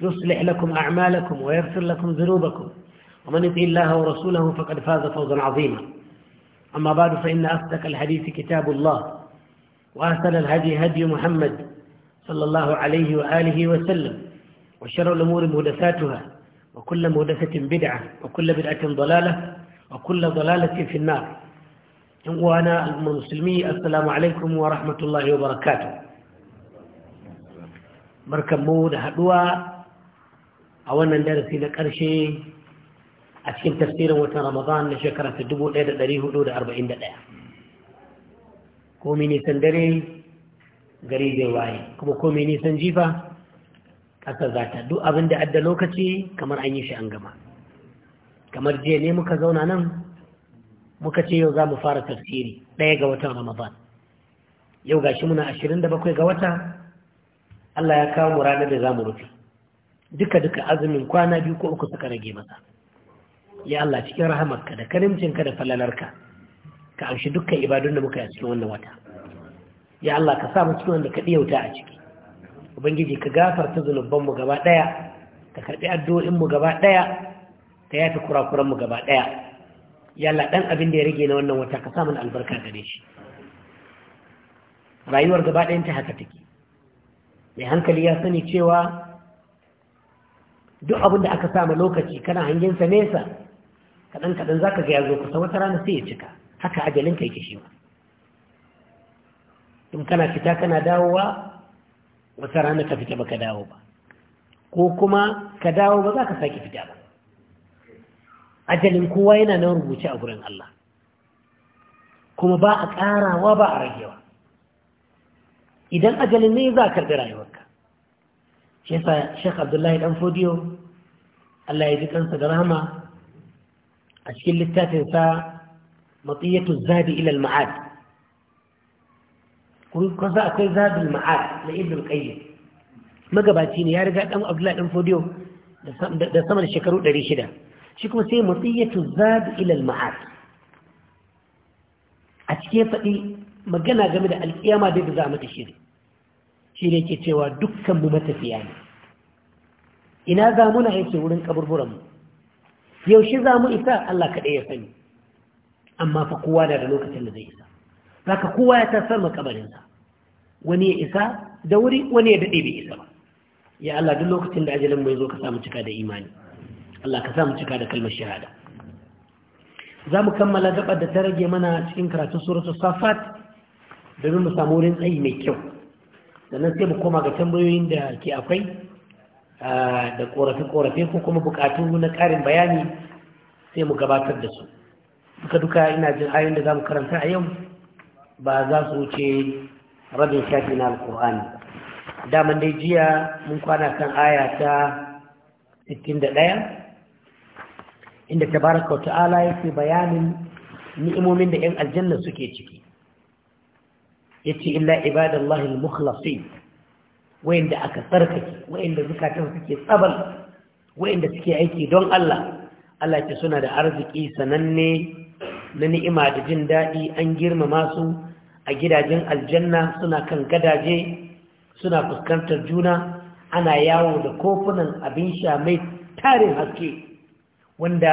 يصلح لكم أعمالكم ويغفر لكم ذنوبكم ومن يطع الله ورسوله فقد فاز فوزا عظيما أما بعد فإن أصدق الحديث كتاب الله وأحسن الهدي هدي محمد صلى الله عليه وآله وسلم وشر الأمور مهدساتها وكل مهدسة بدعة وكل بدعة ضلالة وكل ضلالة في النار وأنا المسلمي السلام عليكم ورحمة الله وبركاته مركب مود هدوى a wannan darasi na ƙarshe a cikin tafsirin watan ramadan na shekara ta da da ɗari 1441 komi nisan dare gari zai waye kuma komi nisan jifa ƙasa za ta duk abin da adda lokaci kamar an yi shi an gama kamar jiya ne muka zauna nan muka ce yau za mu fara tafsiri ɗaya ga watan ramadan yau gashi muna ashirin da 27 ga wata Allah ya kawo mu ranar da za mu rufe duka-duka azumin kwana biyu ko uku suka rage masa ya Allah cikin rahamarka da karimcinka da falalarka ka amshi dukkan ibadun da muka yi a cikin wannan wata ya Allah ka sa mu cikin wanda ka ɗiyauta a ciki ubangiji ka gafarta zunubanmu gaba ɗaya ka karɓi addu'o'inmu gaba ɗaya ka yafi kurakuranmu gaba ɗaya ya Allah ɗan abin da ya rage na wannan wata ka samun albarka gare shi rayuwar gaba ɗayan ta haka take mai hankali ya sani cewa duk abin da aka samu lokaci kana hangen sa nesa kaɗan kaɗan za ka ga ya zo kusa wata rana sai ya cika haka ajalin ka yake shi ma kana fita kana dawowa wata rana ka fita baka dawo ba ko kuma ka dawo ba za ka sake fita ba ajalin kowa yana nan rubuce a gurin Allah kuma ba a ƙarawa ba a ragewa idan ajalin ne za a karɓi rayuwarka shi Sheikh Abdullahi dan Fodiyo Allah ya ji kansa da rahama a cikin littafin sa Matiyatu Zabi ila al-Ma'ad kun kasa akwai Zabi al-Ma'ad na Ibn Qayyim magabaci ne ya riga dan Abdullahi dan Fodiyo da sama da shekaru 600 shi kuma sai Matiyatu Zabi ila al-Ma'ad a cikin faɗi magana game da alƙiyama da za a mata shiri shi ne ke cewa dukkan mu matafiya ne ina za muna yake wurin kaburburanmu yaushe za mu isa Allah kaɗai ya sani amma fa kowa da da lokacin da zai isa za ka kowa ya tasar makabarinsa wani ya isa da wuri wani ya daɗe bai isa ba ya Allah duk lokacin da ajalin mai zo ka samu cika da imani Allah ka samu cika da kalmar shahada za mu kammala gabar da ta rage mana cikin karatun suratul safat domin mu samu wurin tsayi mai kyau sannan sai mu koma ga tambayoyin da ke akwai da korafe-korafe ko kuma bukatu na karin bayani sai mu gabatar da su duka duka ina jin ayoyin da za mu karanta a yau ba za su wuce rabin shafi na alkur'ani daman dai jiya mun kwana kan aya ta 61 inda tabaraka wa ta'ala ce bayanin ni'imomin da 'yan aljanna suke ciki yace illa ibadallahi al-mukhlasin wayanda aka tsarkake wayanda zakatansu suke tsabal wayanda suke aiki don Allah Allah ce suna da arziki sananne na ni'ima da jin dadi an girmama su a gidajen aljanna suna kan gadaje suna fuskantar juna ana yawo da kofunan abin sha mai tarin haske wanda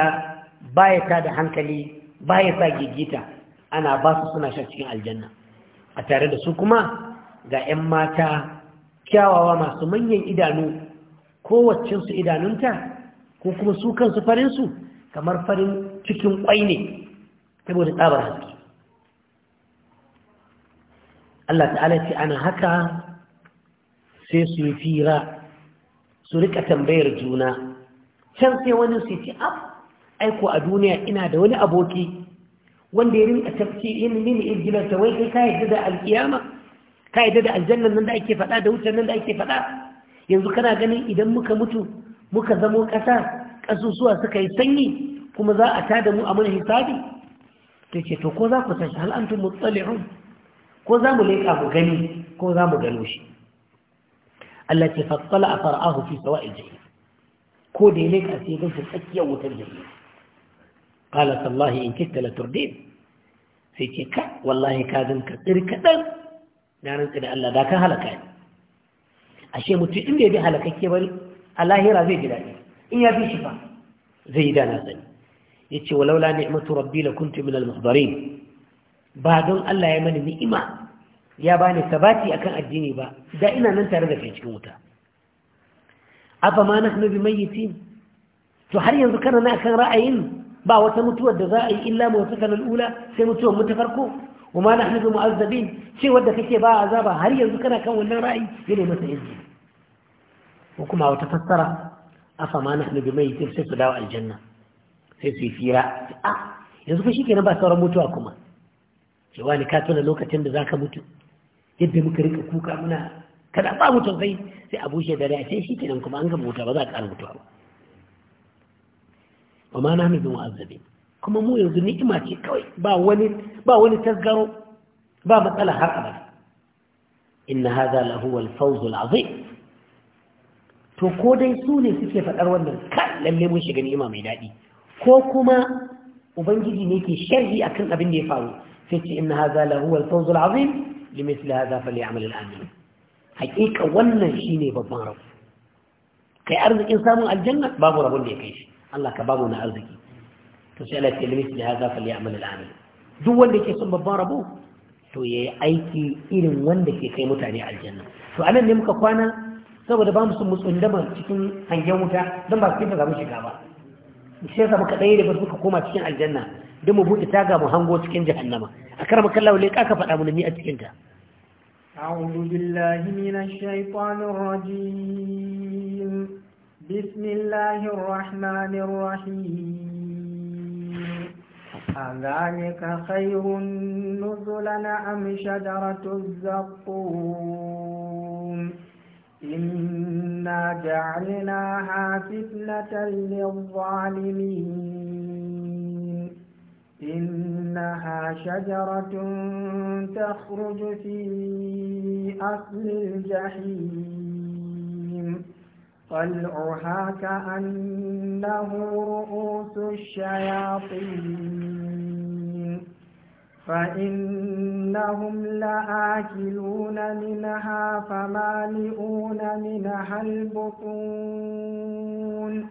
baya ta da hankali baya sa gigita ana ba su suna sha cikin aljanna a tare da su kuma ga 'yan mata kyawawa masu manyan idanu kowacinsu idanunta ko kuma su kansu farinsu kamar farin cikin kwai ne saboda tsabar haske Allah ta'ala ce ana haka sai su yi fira su rika tambayar juna can sai wani su ce aiko a duniya ina da wani aboki wanda ya rinka yin mini irginar ta wai kai ka yadda da alkiyama ka yadda da aljannan nan da ake faɗa da wutar nan da ake faɗa yanzu kana ganin idan muka mutu muka zamo ƙasa ƙasusuwa suka yi sanyi kuma za a tada mu a mana hisabi ta ce to ko za ku tashi hal antum mutsali'un ko za mu leƙa mu gani ko za mu gano shi Allah ce fatsala a fara'ahu fi sawa'il jahim ko da ya leƙa sai ya ganshi tsakiyar wutar jahim qala sallahi in kitta la turdin sai ce ka wallahi ka ganka tsir kadan na rantsa da Allah da ka halaka ni ashe mutum in bai bi halakakke bari a lahira zai ji daɗi in ya fi shi fa zai yi dana sani yace walaula ni'matu rabbi lakuntu min al-muhdarin ba don Allah ya mani ni'ima ya bani sabati akan addini ba da ina nan tare da kai cikin wuta afa ma nahnu bimayyitin to har yanzu kana na akan ra'ayin ba wata mutuwar da za a yi illa mawatakan al'ula sai mutuwar mutu farko wa ma na hannun ce wadda kake ba azaba har yanzu kana kan wannan ra'ayi ya ne masa yanzu ko kuma wata fassara afa ma na hannun mai yitir sai su dawo aljanna sai su yi fira a yanzu fa shi ba sauran mutuwa kuma cewa ni ka tuna lokacin da za ka mutu yadda muka rika kuka muna kada ba mutum sai sai a bushe dare a ce shi kenan kuma an gama mutuwa ba za a ƙara mutuwa ba ba ma na nufin wa'azzabi kuma mu yanzu ni'ima ce kawai ba wani ba wani tasgaro ba matsala har abada inna hadha lahu al-fawz al-azim to ko dai su ne suke faɗar wannan kan lalle mun shiga ni'ima mai daɗi ko kuma ubangiji ne ke sharhi akan abin da ya faru sai ce inna hadha lahu al-fawz al-azim limithli hadha falyamal al-amin Hakika wannan shine babban rabu kai arzikin samun aljanna babu rabon da ya kai shi Allah ka bamu na arziki to sai Allah ya limiti da haza fal ya'mal al duk wanda yake son babban rabo to yayi aiki irin wanda ke kai mutane aljanna to anan ne muka kwana saboda ba mu sun mu tsundama cikin hangen wuta dan ba su kifa za mu shiga ba shi yasa muka ɗaya da muka koma cikin aljanna don mu buɗe taga mu hango cikin jahannama a kar makalla ka faɗa mu ni a cikin ta أعوذ بالله من الشيطان الرجيم بسم الله الرحمن الرحيم أذلك خير نزلا أم نعم شجرة الزقوم إنا جعلناها فتنة للظالمين إنها شجرة تخرج في أصل الجحيم طلعها كأنه رؤوس الشياطين فإنهم لآكلون منها فمالئون منها البطون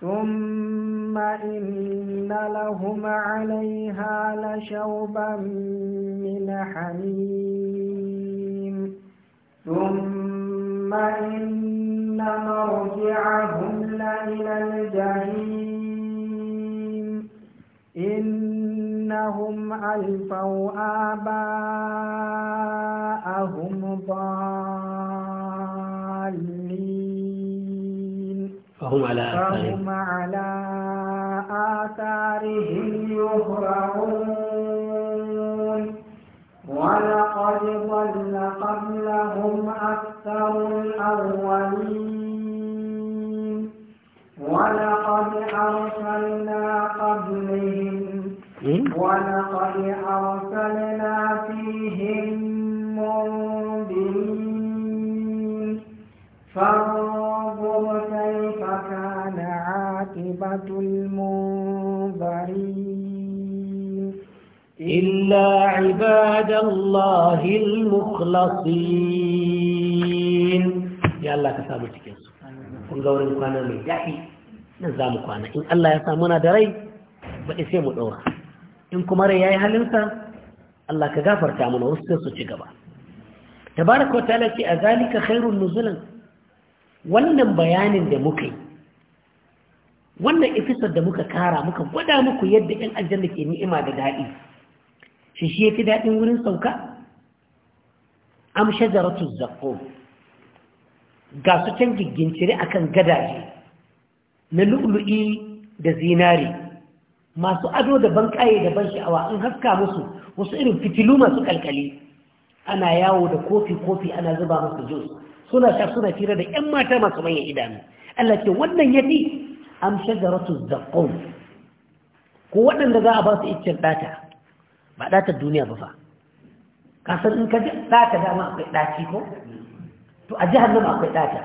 ثم إن لهم عليها لشوبا من حميم ثم إن إن مرجعهم لإلى الجحيم إنهم ألفوا آباءهم ضالين فهم على آثارهم فهم على آثارهم يهرعون ولقد ضل قبلهم أكثر الأولين ولقد أرسلنا قبلهم إيه؟ ولقد أرسلنا فيهم منذرين فانظر كيف كان عاقبة المنذرين إلا عباد الله المخلصين يا الله كسامو cikin su kun gaurin kwana mai daɗi nan zamu kwana in Allah ya sa muna da rai ba sai mu daura in kuma rai yi halinsa Allah ka gafarta mana wasu su ci gaba tabaraka wa a ce azalika khairun nuzulan wannan bayanin da muka wannan ifisar da muka kara muka gwada muku yadda 'yan aljanna ke ni'ima da daɗi shi shi ya fi daɗin wurin sauka am shajaratu zaqqum ga su can a kan gadaje na lu'lu'i da zinari masu ado da ban da ban sha'awa an haska musu wasu irin fitilu masu kalkali ana yawo da kofi-kofi ana zuba masu jus suna sha suna fira da 'yan mata masu manyan idanu Allah ce wannan ya fi am shagaratu zaƙon ko waɗanda za a ba su iccen ɗata ba ɗatar duniya ba fa kasar in ka ji ɗata dama akwai ɗaci ko to a jihar nan akwai ɗata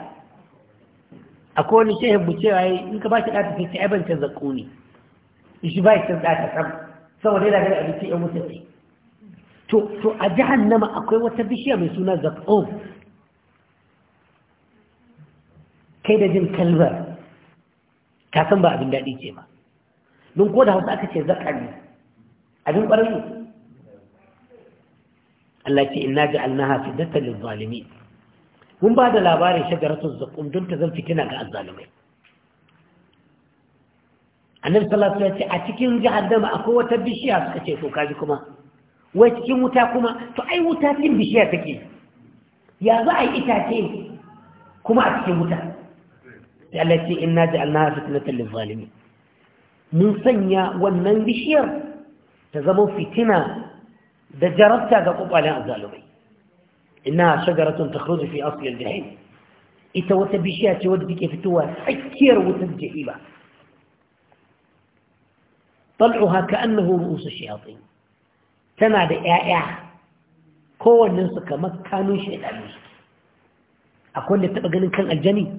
akwai wani shehin bu cewa yi in ka ba shi ɗata sai ai ban canza in shi ba shi ɗata sam saboda yana gani abinci yan wuta ce to a jihar nan akwai wata bishiya mai suna zaƙo kai da jin kalbar ka san ba abin daɗi ce ba don ko da hausa aka ce ne abin ƙwararru Allah ce inna ja'alnaha fitnatan lil zalimin mun ba da labarin shagaratu zakum don ta zan fitina ga azzalimai annabi sallallahu alaihi ya ce a cikin jahannama akwai wata bishiya suka ce to kaji kuma wai cikin wuta kuma to ai wuta cikin bishiya take ya za a itace kuma a cikin wuta Allah mun sanya wannan bishiyar ta zama fitina da jarabta ga kwakwalen azalumai ina shagaratun ta kruzu fi asiyar jahim ita wata bishiya ce wadda take fitowa tsakiyar wutar jahima طلعها كأنه رؤوس الشياطين tana da ‘ya'ya kowanninsu kamar kanun shaidanu su akwai wanda taɓa ganin kan aljani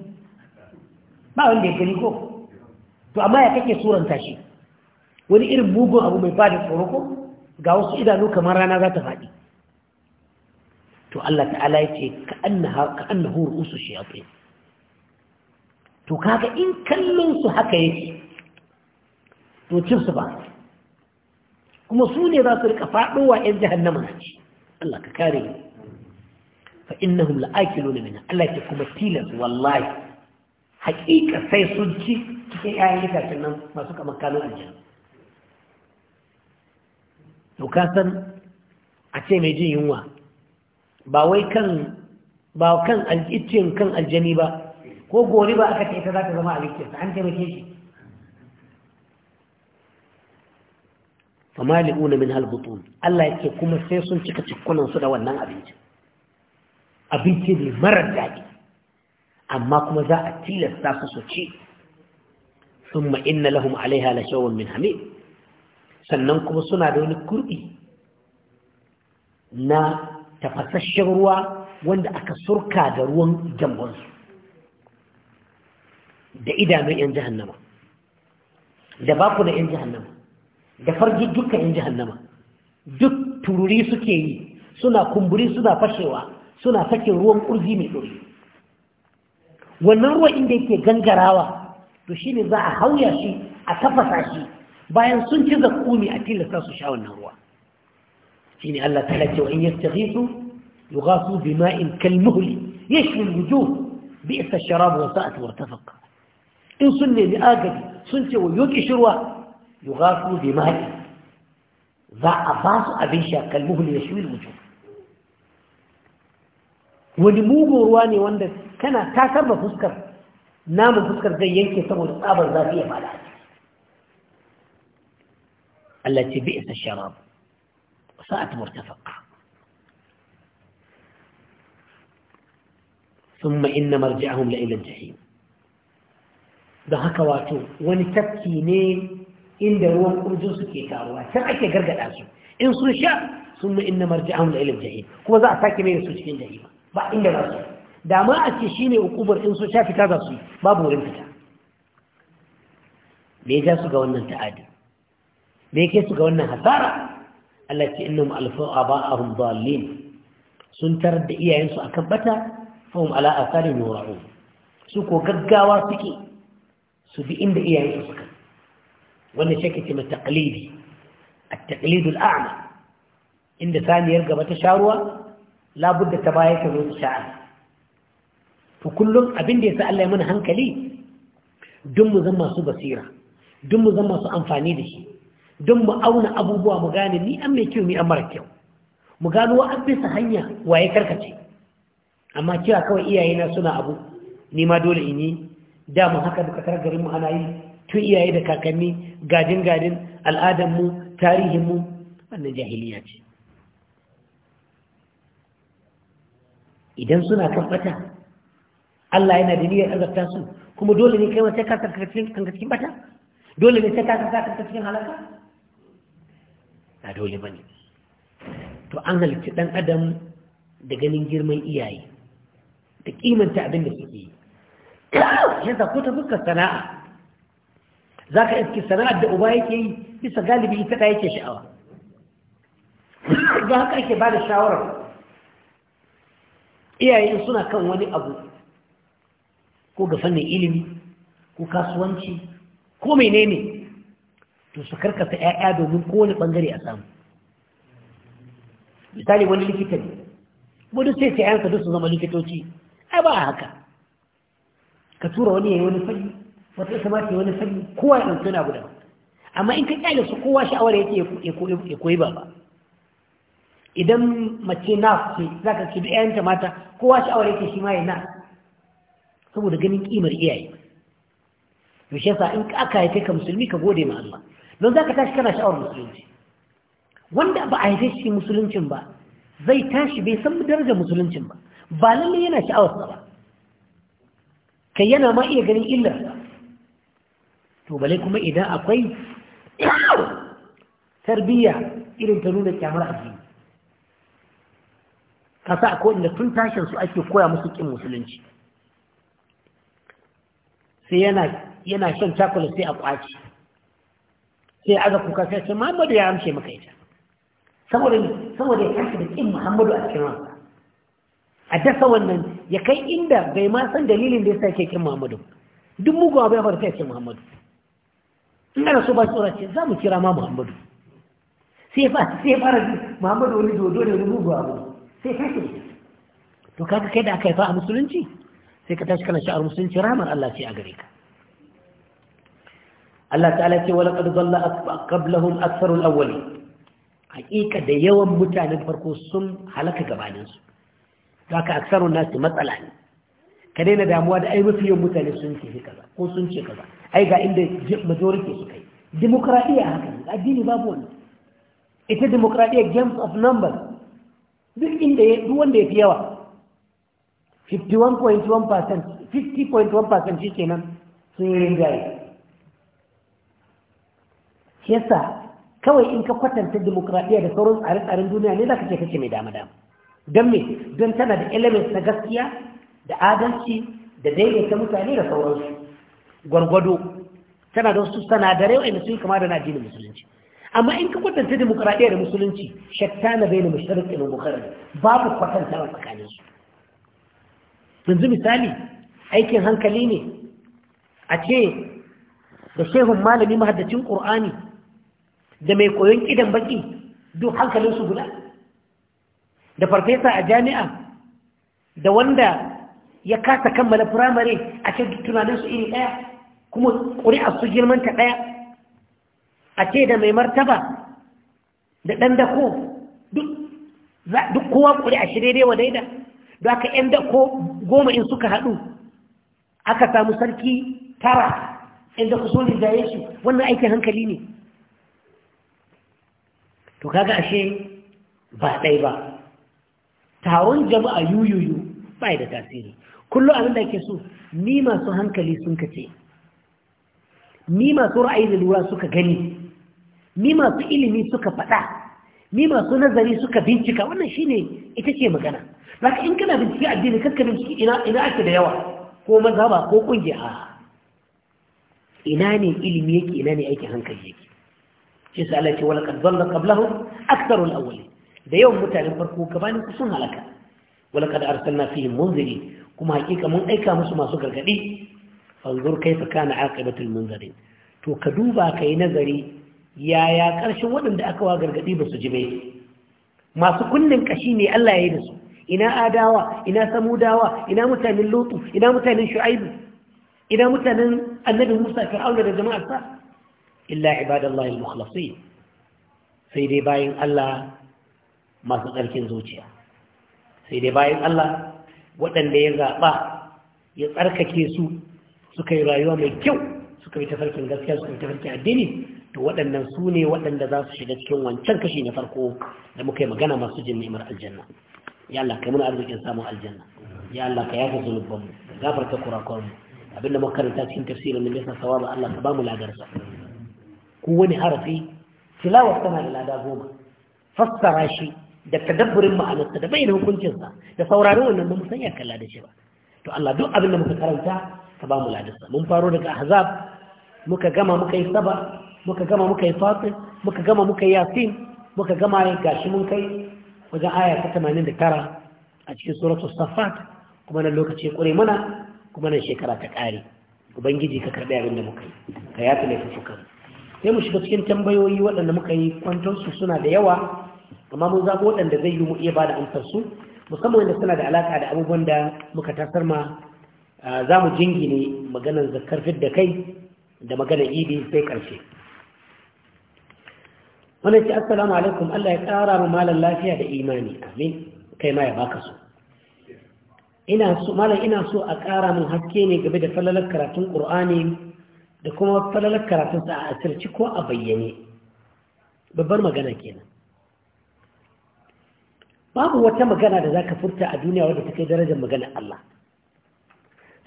ba wanda ya gani ko to amma ya kake suranta shi wani irin mugun abu mai bada tsoro ko ga wasu idanu kamar rana za ta faɗi to Allah ta'ala ya ce ka ru'usu shayatin to kaga in kallon su haka yake to cin su ba kuma su ne za su rika faɗowa ‘yan jahannama na ci Allah ka kare ni fa innahum la'akilu na Allah ya kuma tilas wallahi haƙiƙa sai sun ci cikin ‘ya'yan itacen nan masu kamar kano aljanna to ka san a ce mai jin yunwa ba wai kan ba kan kan aljani ba ko gori ba aka ce ita za ta zama aljicin an taimake shi famali'una min halbutun Allah ya yake kuma sai sun cika cikunansu da wannan abincin abinci ne marar daɗi amma kuma za a tilasta su su ci na lahum alaiha la لشوا min hamid sannan kuma suna da wani kurbi na tafasasshen ruwa wanda aka surka da ruwan jambonsu da idanun 'yan jahannama da baku da 'yan jahannama da farji duka 'yan jahannama duk tururi suke yi suna kumburi suna fashewa suna sakin ruwan kurzi mai ɗori wannan ruwan inda yake gangarawa to shi ne za a hauya shi a tafasa shi bayan sun ci zakumi a tilasta su sha wannan ruwa shi ne Allah ta lace wa in yastaghisu yughasu bima'in ya yashwi alwujuh bi'sa ash-sharab wa sa'at wartafaqa in sun nemi agaji sun ce wa yoki shirwa yughasu bima'in za a ba su abin sha ya yashwi alwujuh wani mugun ruwa ne wanda kana ta karba fuskar namun fuskar zai yanke saboda tsabar zafi ya fada التي بئس الشراب وساءت مرتفقة ثم إن مرجعهم لإلى الجحيم ده كواتو ونتبكي نين إن دروم أرجو سكي كاروا سرعك يقرق الأسو إن سوشا ثم إن مرجعهم لإلى الجحيم هو ذا أساك مين سوشين جحيم با إن دروم دا ما أتشيني وقبر إن سوشا في كذا سوي بابو رمتا ليجاسو قولنا التعادل me yake su ga wannan hasara Allah ce innahum alfu aba'ahum dallin sun tarar da iyayensu akan bata fahum ala asarin yura'un su ko gaggawa suke su bi inda iyayensu suka wannan shake ce mataqlidi at-taqlid al-a'ma inda saniyar gaba ta sharuwa labudda ta baya ta zo sha'a to kullum abin da yasa Allah ya mana hankali dun mu zama su basira dun mu zama su amfani da shi don mu auna abubuwa mu gane ni an mai kyau ni an mara kyau mu gano wa an bisa hanya waye karkace amma kira kawai iyaye na suna abu ni ma dole in yi dama haka duka kar garin mu ana yi tun iyaye da kakanni gadin gadin al'adar mu tarihin mu wannan jahiliya ce idan suna kan bata Allah yana da niyyar azabta su kuma dole ne kai ma sai ka sarka cikin bata dole ne sai ka sarka cikin halaka Na dole ba ne to an halittu ɗan adam da ganin girman iyaye da ƙimanta abin da suke yi yadda ko ta fuskar sana'a za ka iske sana'ar da uba yake yi bisa galibi ita ɗaya ke sha'awa don haka ake ba da shawarar iyaye suna kan wani abu ko ga fannin ilimi ko kasuwanci ko menene to su karkata ƴaƴa domin kowane bangare a samu misali wani likita ne wani sai ta yansa duk su zama likitoci ai ba haka ka tura wani yayi wani fanni wata ita ma ta wani fanni kowa ya ɗauki wani abu daban amma in ka ƙyale su kowa sha'awar yake ya koyi baba idan mace na ce za ka ce ta mata kowa sha'awar yake shi ma ya na saboda ganin ƙimar iyaye yaushe sa in aka haife ka musulmi ka gode ma Allah don za ka tashi kana sha'awar musulunci wanda ba a haife shi musuluncin ba zai tashi bai san darajar musuluncin ba ba lallai yana sha'awar ba kai yana ma iya ganin illar ba to bale kuma idan akwai tarbiyya irin ta nuna kyamar Ka sa ko inda tun tashin su ake koya musu kin musulunci sai yana shan chocolate sai a kwaci sai aza kuka sai ce Muhammadu ya amshe maka ita saboda saboda ya kashi da kin Muhammadu a cikin ransa a dasa wannan ya kai inda bai ma san dalilin da yasa yake kin Muhammadu duk mugun abu ya faru sai ce Muhammadu in ana so ba tsora ce za mu kira ma Muhammadu sai fa sai fara Muhammadu wani dodo ne wani mugun abu sai kashi to kaga kai da aka yi fa a musulunci sai ka tashi kana sha'ar musulunci ramar Allah ce a gare ka Allah ta'ala ce wa laqad dhalla qablahum aktharu al-awwali haqiqa da yawan mutanen farko sun halaka gabanin su haka aktharu nasu matsala ne ka daina damuwa da ai mafi yawan mutane sun ce kaza ko sun ce kaza ai ga inda majority su kai demokradiya haka ne addini babu wani ita demokradiya games of numbers duk inda ya duk wanda ya fi yawa 51.1% 50.1% shi kenan sun yi rinjaye shi yasa kawai in ka kwatanta demokradiyya da sauran tsare-tsaren duniya ne za ka ce kace mai dama-dama don me don tana da elements na gaskiya da adalci da daidaita mutane da sauransu gwargwado tana da wasu sanadarai wa'inda sun kama da na musulunci amma in ka kwatanta demokradiyya da musulunci shatta na bai na masharar ilin bukharar babu kwatanta wa tsakaninsu yanzu misali aikin hankali ne a ce da shehun malami mahaddacin ƙur'ani da mai koyon kidan baki duk hankalinsu guda da farfesa a jami'a da wanda ya kasa kammala firamare a ce tunaninsu iri daya kuma ƙuri'a su girmanta ɗaya a ce da mai martaba da ɗan dako duk kowa ƙuri'a shi daidai wa daida da aka ‘yan dako goma in suka haɗu aka samu sarki tara inda ku so ya su wannan aikin hankali ne to kaga ashe ba ɗai ba taron jama'a yuyuyu ba da tasiri kullum abin da ke so ni masu hankali sun kace ni masu ra'ayi da lura suka gani ni masu ilimi suka faɗa ni masu nazari suka bincika wannan shine ita ce magana zaka in kana bincike addini kakka bincike ina ina ake da yawa ko mazhaba ko kungiya ina ne ilimi yake ina ne aikin hankali yake shi sa Allah ya ce wala qad dhalla qablahum aktharu al-awwalin da yawan mutanen farko gabanin ku sun halaka wala qad arsalna fihim munziri kuma hakika mun aika musu masu gargadi fanzur kaifa kana aqibatu al-munzirin to ka duba kai nazari yaya karshen waɗanda aka wa gargadi ba su ji bai masu kunnin kashi ne Allah ya yi da su ina adawa ina samudawa ina mutanen lutu ina mutanen shu'aibu ina mutanen annabi Musa fir'auna da jama'arsa illa ibadallahi al-mukhlasin sai dai bayin Allah masu tsarkin zuciya sai dai bayan Allah waɗanda ya zaɓa ya tsarkake su suka yi rayuwa mai kyau suka yi tafarkin gaskiya suka yi tafarkin addini to waɗannan su ne waɗanda za su shiga cikin wancan kashi na farko da muka yi magana masu jin ni'imar aljanna ya Allah kai muna arzikin samun aljanna ya Allah ka yafe zunubanmu gafarta mu, abinda muka karanta cikin tafsirin da bisa sawaba Allah ka ba mu ladarsa ko wani harafi tilawar tana da lada goma fassara shi da tadabburin ma'anarsa da bayyana hukuncinsa da sauraron wannan ba mu san ya kalla da shi ba to Allah duk abin da muka karanta ka ba mu ladarsa mun faro daga ahzab muka gama muka yi saba muka gama muka yi fatir muka gama muka yi yasin muka gama gashi mun kai wajen aya ta tamanin da tara, a cikin suratu safat kuma nan lokaci ya mana kuma nan shekara ta kare ubangiji ka karbi abin da muka yi ka yafi laifin fukan sai mu shiga cikin tambayoyi waɗanda muka yi kwantonsu suna da yawa amma mun zaɓi waɗanda zai yi mu iya ba da amsarsu musamman da suna da alaƙa da abubuwan da muka tasar ma za mu jingine maganar zakar da kai da maganar idi sai ƙarshe wannan ce assalamu alaikum allah ya ƙara mu malam lafiya da imani amin kai ma ya baka so ina so malam ina so a ƙara min haske ne game da fallalar karatun ƙur'ani da kuma falalar karatunsa a asirci ko a bayyane babbar magana kenan babu wata magana da za ka furta a duniya wadda ta kai darajar magana Allah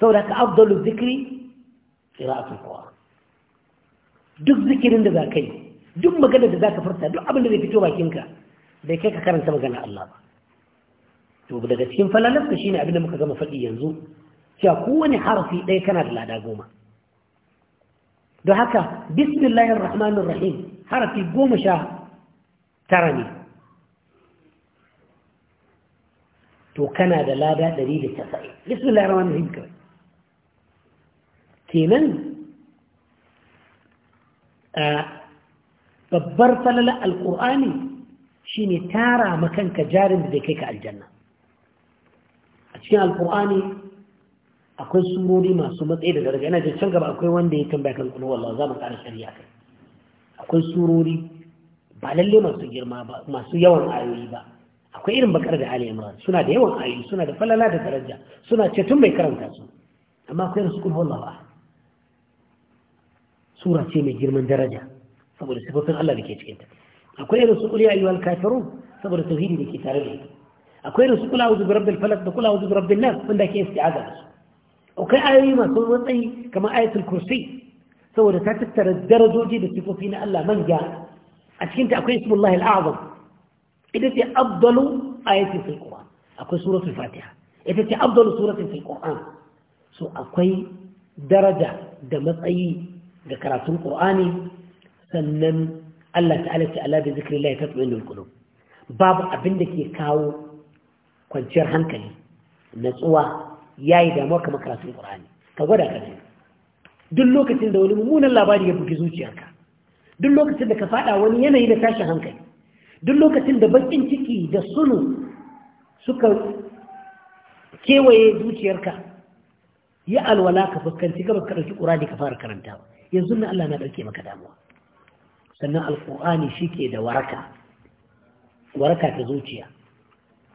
saboda ka abdullu zikiri ƙira'atul kowa duk zikirin da za ka yi duk magana da za furta duk abin da zai fito bakinka bai kai ka karanta magana Allah ba to daga cikin falalarsa shine abin da muka gama faɗi yanzu cewa kowane harafi ɗaya kana da lada goma don haka bismillahir rahmanir rahim harafi goma sha tara ne to kana da lada 190 bismillahir rahmanir rahim kawai kenan a babbar falala alkur'ani shine tara makanka jarin da zai kai ka aljanna a cikin alkur'ani akwai surori masu matsayi da daraja ina jin can gaba akwai wanda ya tambaya kan kuma wallahi za mu ƙara shari'a kai akwai surori ba lalle masu girma ba masu yawan ayoyi ba akwai irin bakar da ali imran suna da yawan ayoyi suna da falala da daraja suna ce tun bai karanta su amma akwai rasu kullu wallahi sura ce mai girman daraja saboda sifofin Allah da ke cikin ta akwai irin su kuliya ayyuhal kafirun saboda tauhidi da ke tare da ita akwai irin su kula wa bi rabbil da kula wa bi nas wanda ke isti'aza da su akwai ayoyi masu matsayi kamar ayatul kursi saboda ta tattara darajoji da sifofi na Allah manja a cikin ta akwai ismullahi al'azam ita ce abdalu ayatin fil qur'an akwai suratul fatiha ita ce abdalu suratin fil qur'an so akwai daraja da matsayi ga karatun qur'ani sannan Allah ta'ala ce ala bi zikrillah tatma'innul qulub babu abin da ke kawo kwanciyar hankali natsuwa Ya yi damuwa kamar karatun Qur'ani ka gwada ka duk lokacin da wani mummunan labari ya bugi zuciyarka duk lokacin da ka faɗa wani yanayi da tashin hankali duk lokacin da bakin ciki da sunu suka kewaye zuciyarka ya alwala ka fuskanci gaba ka ɗauki ƙurani ka fara karanta yanzu na Allah na ɗauke maka damuwa sannan alƙur'ani shi ke da waraka waraka ta zuciya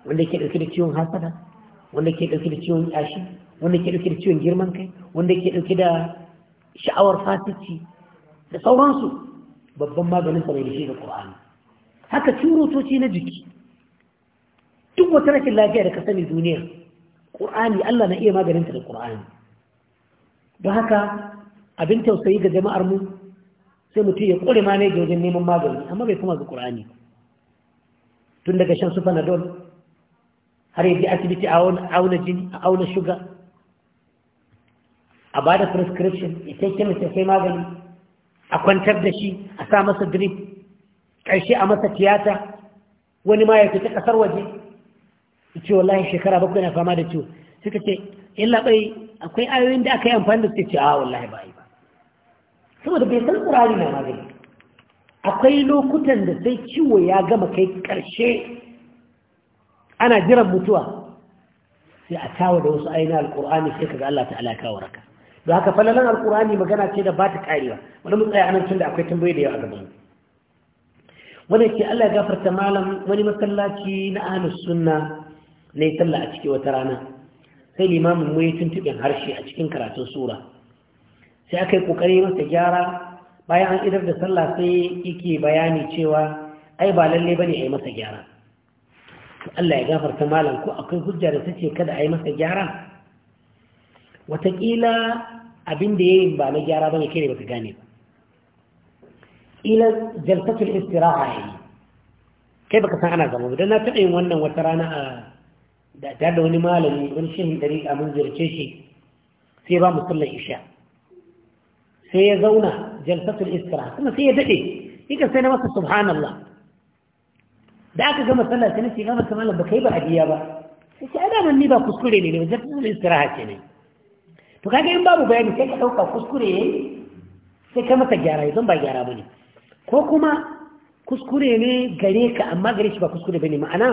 wanda ke ɗauke da ciwon hasada wanda ke ɗauke da ciwon yashi, wanda ke ɗauke da ciwon girman kai wanda ke ɗauke da sha'awar fasici da sauransu babban maganin sa mai da shi da ƙwa'ani haka turutoci na jiki duk wata rashin lafiya da ka sani duniya ƙur'ani Allah na iya maganinta da kur'ani. don haka abin tausayi ga jama'ar mu sai mutum ya ƙure ma ne wajen neman magani amma bai kuma ga ƙur'ani tun daga shan sufanadol har yaji asibiti a auna jini a auna shuga a ba da prescription ita kimista sai magani a kwantar da shi a sa masa drip ƙarshe a masa tiyata wani ma ya fita ƙasar waje ce wallahi shekara bakwai na fama da ciwo suka ce in labai akwai ayoyin da aka yi amfani da suke ce a ah, wallahi ba yi ba saboda bai san tsirari na magani akwai lokutan da sai ciwo ya gama kai ƙarshe ana jiran mutuwa sai a kawo da wasu ainihin alkur'ani sai kaga Allah ta'ala ya kawo raka da haka falalan alkur'ani magana ce da ba ta karewa wani mutsaya anan tun da akwai tambayi da yau a gaban wani ke Allah ya gafarta malam wani masallaci na ahlus sunna ne sallah a cikin wata rana sai limamin mu ya tuntuɓin harshe a cikin karatun sura sai aka yi kokari masa gyara bayan an idar da sallah sai yake bayani cewa ai ba lalle bane a yi masa gyara Allah ya gafarta malam ko akwai hujja da tace kada a yi masa gyara wataƙila abin da ya yi ba na gyara ba ne kai ne baka gane ba ila jalfatul istiraha ya yi kai baka san ana zama don na taɓa yin wannan wata rana a da tare da wani malami wani shehin ɗari a mun ziyarce shi sai ba mu isha sai ya zauna jalfatul istiraha kuma sai ya daɗe yakan sai na masa subhanallah da aka gama sallah sai nace gama kamar ba kai ba hadiya ba sai ce nan ni ba kuskure ne ne wajen tun istiraha ce ne to kaga in babu bayani sai ka dauka kuskure sai ka masa gyara idan ba gyara bane ko kuma kuskure ne gare ka amma gare shi ba kuskure bane ma'ana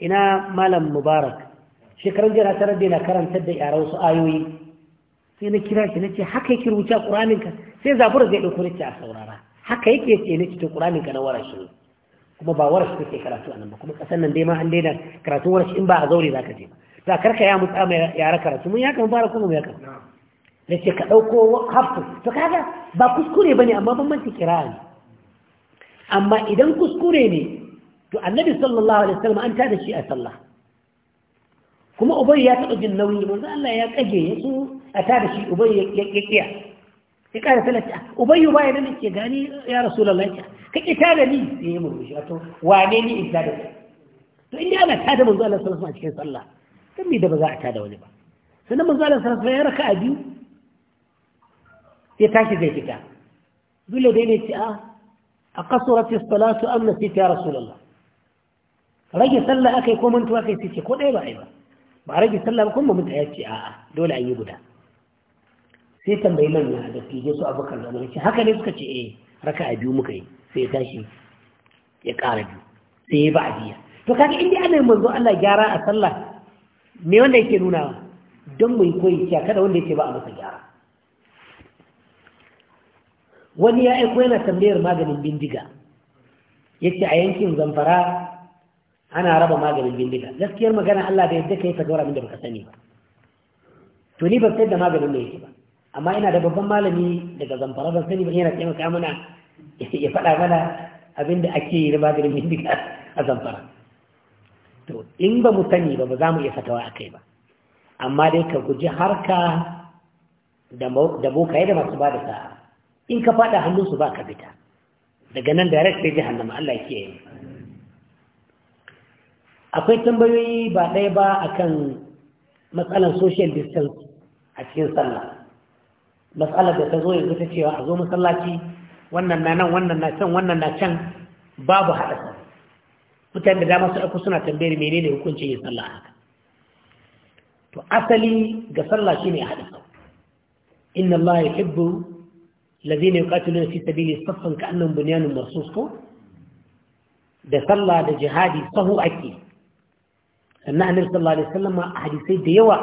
ina malam mubarak shekaran jira tare da yana karanta da yara wasu ayoyi sai na kira shi nace haka yake rubuta qur'anin sai zabura zai dauko rici a saurara haka yake ce nace to ka na wara shi kuma ba warashi kake karatu a nan ba kuma kasan nan dai ma an daina karatu warashi in ba a zaure za ka je ba za karka ya mutsa mai yara karatu mun ya kan fara kuma mai yaka. da ce ka ɗauko haftu to kaga ba kuskure ba ne amma bambanci kira ne amma idan kuskure ne to annabi sallallahu alaihi wasallam an tada shi a sallah kuma ubayy ya taɓa jin nauyi manzo Allah ya kage ya so a tada shi ubayy ya kiya ya ƙara talata ubayyu ba ya nan gani ya rasu lallaki ka ƙi da ni ya yi murmushi wato wane ni in tada kai to inda ana tada manzo Allah sallallahu alaihi a cikin sallah kan me da ba za a da wani ba sannan manzo Allah sallallahu alaihi ya raka a biyu ya tashi zai fita dole dai ne ce a a kasurati salatu am nasita ya rasulullah rage sallah akai ko mantuwa kai sai ce ko ɗaya ba ai ba ba rage sallah ba kuma mutum ya ce a'a dole an yi guda sai tambayi manya da fije su abokan zama ce haka ne suka ce eh raka a biyu muka yi sai tashi ya ƙara biyu sai ya ba a biya to kaga inda ana yin manzo Allah gyara a sallah me wanda yake nuna don mu koyi cewa kada wanda yake ba a masa gyara wani ya aiko yana tambayar maganin bindiga yace a yankin zamfara ana raba maganin bindiga gaskiyar magana Allah da yadda kai ka dora min da baka sani ba to ni ba sai da maganin ne yake ba amma ina da babban malami daga zamfara ban sani ba yana taimaka mana ya faɗa mana abinda ake yi da maganin duka a zamfara to in ba mu sani ba ba za mu iya fatawa a kai ba amma dai ka guji harka da bokaye da masu ba da sa'a in ka faɗa hannunsu ba ka fita daga nan direct sai jahannama Allah ya kiyaye akwai tambayoyi ba ɗaya ba akan matsalan social distance a cikin sallah matsalar da ta zo yanzu ta cewa a zo masallaci wannan na nan wannan na can wannan na can babu haɗa sa mutane da dama su ɗauko suna tambayar menene hukuncin yin sallah haka to asali ga sallah a haɗa sa inna Allah ya ya allaha yuhibbu الذين يقاتلون في سبيله annan كأنهم بنيان مرصوص da sallah da jihadi sahu ake sannan annabi sallallahu alaihi wasallam a hadisai da yawa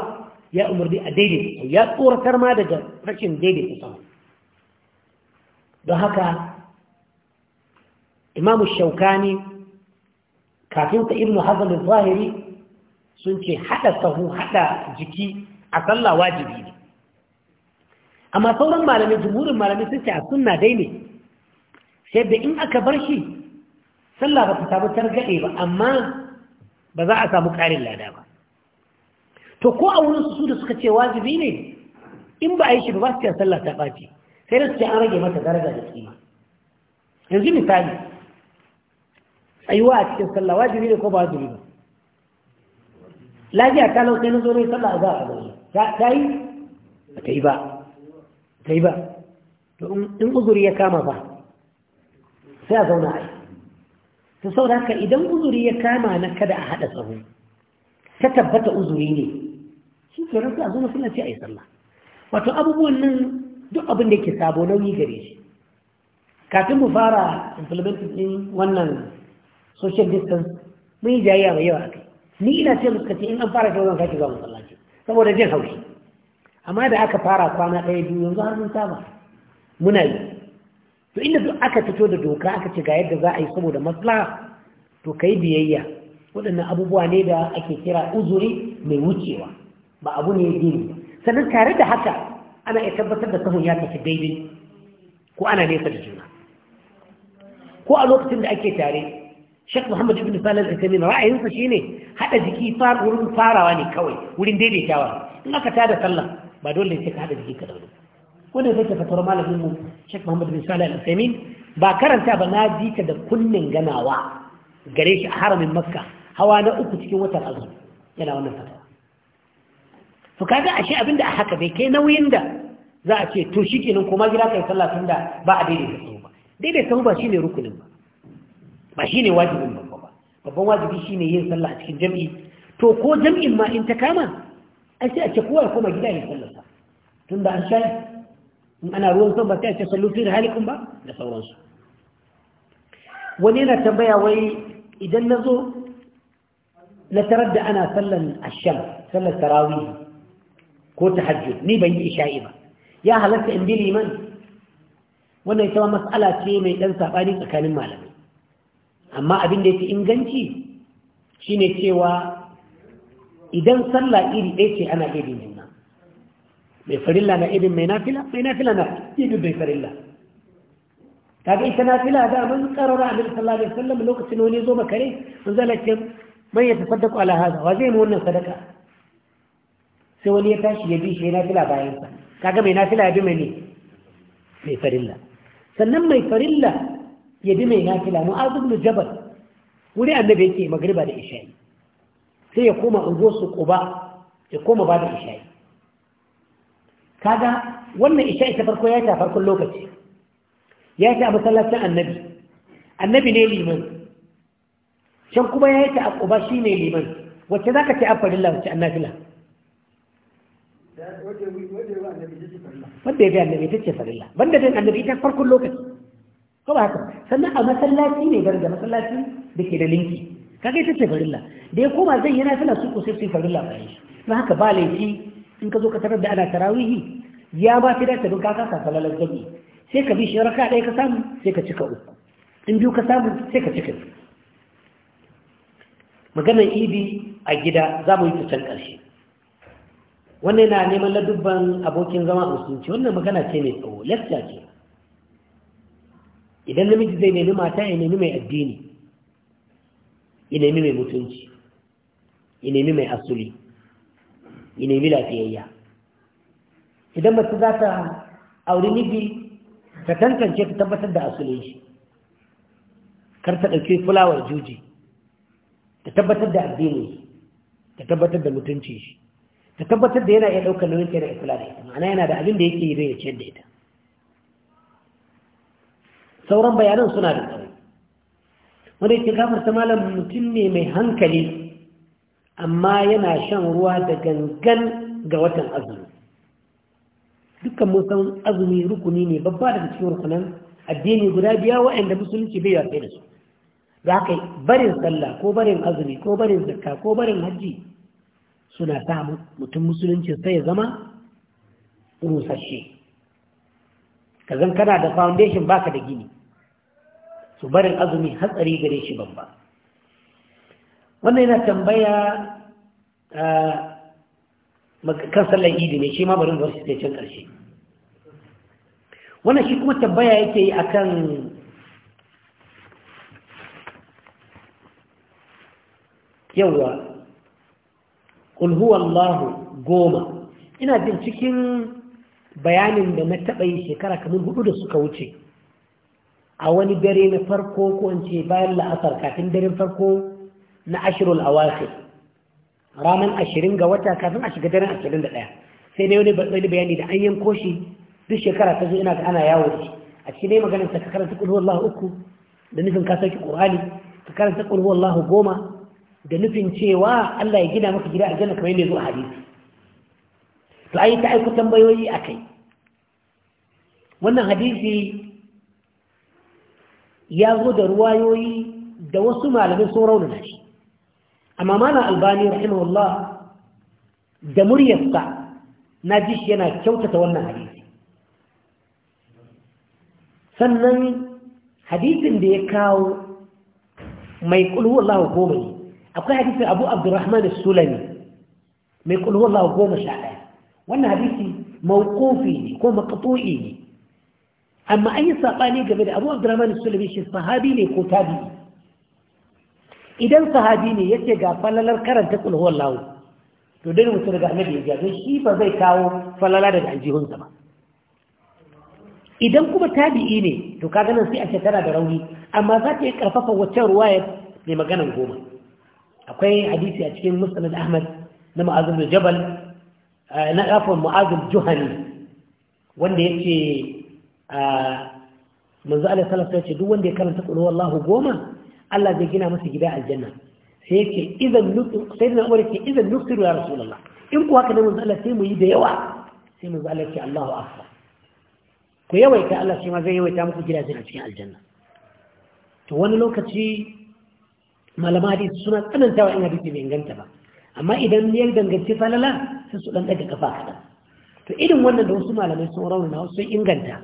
ya umarni a daidaita ya tsoratar ma daga rashin daidaita sau don haka imamu shaukani kafin ta ibnu hazan zahiri sun ce hada sahu hada jiki a sallah wajibi ne amma sauran malamai jumhurin malamai sun ce a sunna dai ne sai da in aka bar shi sallah ba ta samu targaɗe ba amma ba za a samu ƙarin lada ba to ko a wurin su da suka ce wajibi ne in ba a yi shi ba su sallah ta ɓaci sai da su ce an rage mata daraja da kima yanzu misali tsayuwa a cikin sallah wajibi ne ko ba wajibi ba lafiya ta lauta na zoro sallah a za a gani ta yi ba ta yi ba ta yi ba to in uzuri ya kama ba sai a zauna a yi ta saboda haka idan uzuri ya kama na kada a haɗa tsaho ta tabbata uzuri ne shi ke nan sai a suna ce a yi sallah wato abubuwan nan duk abin da ke sabo nauyi gare shi kafin mu fara implementing din wannan social distance mun yi jayayya mai yawa akai ni ina ce muka ce in an fara za sake zuwa masallaci saboda jin haushi amma da aka fara kwana ɗaya biyu yanzu har mun saba muna yi to inda duk aka fito da doka aka ce ga yadda za a yi saboda maslaha to kai biyayya waɗannan abubuwa ne da ake kira uzuri mai wucewa ba abu ne dini sannan tare da haka ana iya tabbatar da sahun ya tafi daidai ko ana nesa da juna ko a lokacin da ake tare Sheikh Muhammad ibn Salih al-Uthaymeen ra'ayinsa shine hada jiki wurin farawa ne kawai wurin daidaitawa in aka tada sallah ba dole sai ka hada jiki ka dauro wanda yake fatar malamin mu Sheikh Muhammad ibn Salih al-Uthaymeen ba karanta ba na ji ka da kunnen ganawa gare shi a haramin Makka hawa na uku cikin watan azumi yana wannan fata su kaga ashe da a haka bai kai nauyin da za a ce to shi kenan kuma gida kai sallah tunda ba a daidaita sahu ba Daidai sahu ba shine rukunin ba ba shine wajibin babba ba babban wajibi shine yin sallah a cikin jam'i to ko jami'in ma in ta kama an a ce kowa ya koma gida ya sallarsa tun da an shayi in ana ruwan son ba sai a ce sallu fi da halikun ba da sauransu wani yana tambaya wai idan na zo na tarar da ana sallan asham sallar tarawih ko tahajjud ni ban yi isha'i ba ya halatta in bi liman wannan ita ma mas'ala ce mai dan sabani tsakanin malamai amma abin da yake inganci shine cewa idan sallah iri ɗaya ce ana irin juna mai farilla na irin mai nafila mai nafila na irin bai farilla kaga ita nafila da mun karara a bin sallah alaihi sallama lokacin wani zo makare mun zalace man ya tasaddaqu ala hada wa zai mu wannan sadaka sai wani ya tashi ya bi shi yana fila bayansa kaga mai nafila ya bi mai ne mai farilla sannan mai farilla ya bi mai nafila Mu mu'azu ibn jabal wuri annabi yake magriba da isha'i sai ya koma ungo su quba ya koma ba da isha'i kaga wannan isha'i ta farko ya ta farkon lokaci ya ta a masallacin annabi annabi ne liman can kuma ya ta a quba shine liman wacce zaka ce a farilla wacce annafila wanda ya bi annabi ita ce farilla banda bin annabi ita farkon lokaci ko ba haka sannan a masallaci ne gari da masallaci da ke da linki kaga ita ce farilla da ya koma zai yana tana su kusur sai farilla ba yi na haka ba laifi in ka zo ka tarar da ana tarawihi ya ba fi dace don kaka sa falalar jami sai ka bi shi raka ɗaya ka samu sai ka cika uku in biyu ka samu sai ka cika maganar idi a gida za mu yi ta can ƙarshe wannan yana neman ladubban abokin zama a musulunci wannan magana ce mai tsawo lafiya ce idan namiji zai nemi mata ya nemi mai addini ya nemi mai mutunci ya nemi mai asuli ya nemi lafiyayya idan mace za ta auri nibi ta tantance ta tabbatar da asulin shi kar ta ɗauki fulawar juji ta tabbatar da addini ta tabbatar da mutunci shi Ta tabbatar da yana iya ɗaukar nauyin ta da kula da ita ma'ana yana da abin da yake yi zai ciyar da ita sauran bayanan suna da tsawo wanda yake ta malam mutum ne mai hankali amma yana shan ruwa da gangan ga watan azumi dukkan mun azumi rukuni ne babba daga cikin rukunan addini guda biya waɗanda musulunci bai yafe da su za ka barin sallah ko barin azumi ko barin zakka ko barin hajji suna sa mutum musulunci sai zama rusashe ka zan kana da foundation baka da gini su barin azumi hatsari gare shi babba wannan yana tambaya kan sallar idi ne shi ma barin zuwa sai can ƙarshe wannan shi kuma tambaya yake yi akan yauwa. huwa Allah goma ina jin cikin bayanin da na taɓa yi shekara kamar hudu da suka wuce a wani dare na farko ko in ce bayan la'asar kafin daren farko na ashirul awakhir ranar ashirin ga wata kafin a shiga daren ashirin da ɗaya sai dai wani bayani da an yanko shi duk shekara ta zo ina ga ana yawo shi a cikin maganin sa ka karanta kulhu wallahu uku da nufin ka sauki qur'ani ka karanta kulhu Allah goma da nufin cewa Allah ya gina maka gida aljanna kamar yadda ya zo hadisi to ai ta aiko tambayoyi a kai wannan hadisi ya zo da ruwayoyi da wasu malamai sun raunana shi amma mana albani rahimahullah da muryarsa na ji shi yana kyautata wannan hadisi sannan hadisin da ya kawo mai kulhu Allah ko mai akwai hadisi abu abdurrahman sulami mai kulhu lawa goma sha ɗaya wannan hadisi mawqufi ne ko makatoi ne amma an yi saɓani game da abu abdurrahman sulami shi sahabi ne ko tabi idan sahabi ne yace ga falalar karanta kulwar Allah to dai mutum daga annabi ya jaje shi ba zai kawo falala daga aljihunsa ba idan kuma tabi'i ne to kaga nan sai a ce tana da rauni amma za ta yi karfafa wacce ruwayar mai maganan goma akwai hadisi a cikin musnad ahmad na ma'azin da jabal na afon ma'azin juhani wanda ya ce manzo Allah sallallahu alaihi duk wanda ya karanta qul huwallahu goma Allah zai gina masa gida aljanna sai yake idan nuqtu sayyidina Umar yake idan nuqtu ya rasulullah in kuwa haka ne manzo sai mu yi da yawa sai manzo Allah yake Allahu akbar ku yawaita Allah shi ma zai yawaita muku gidajen a cikin aljanna to wani lokaci Malamadi hadisi suna tsanantawa in hadisi bai inganta ba amma idan ya danganci falala sai su dan daga kafa kaɗan to irin wannan da wasu malamai sun raunana wasu inganta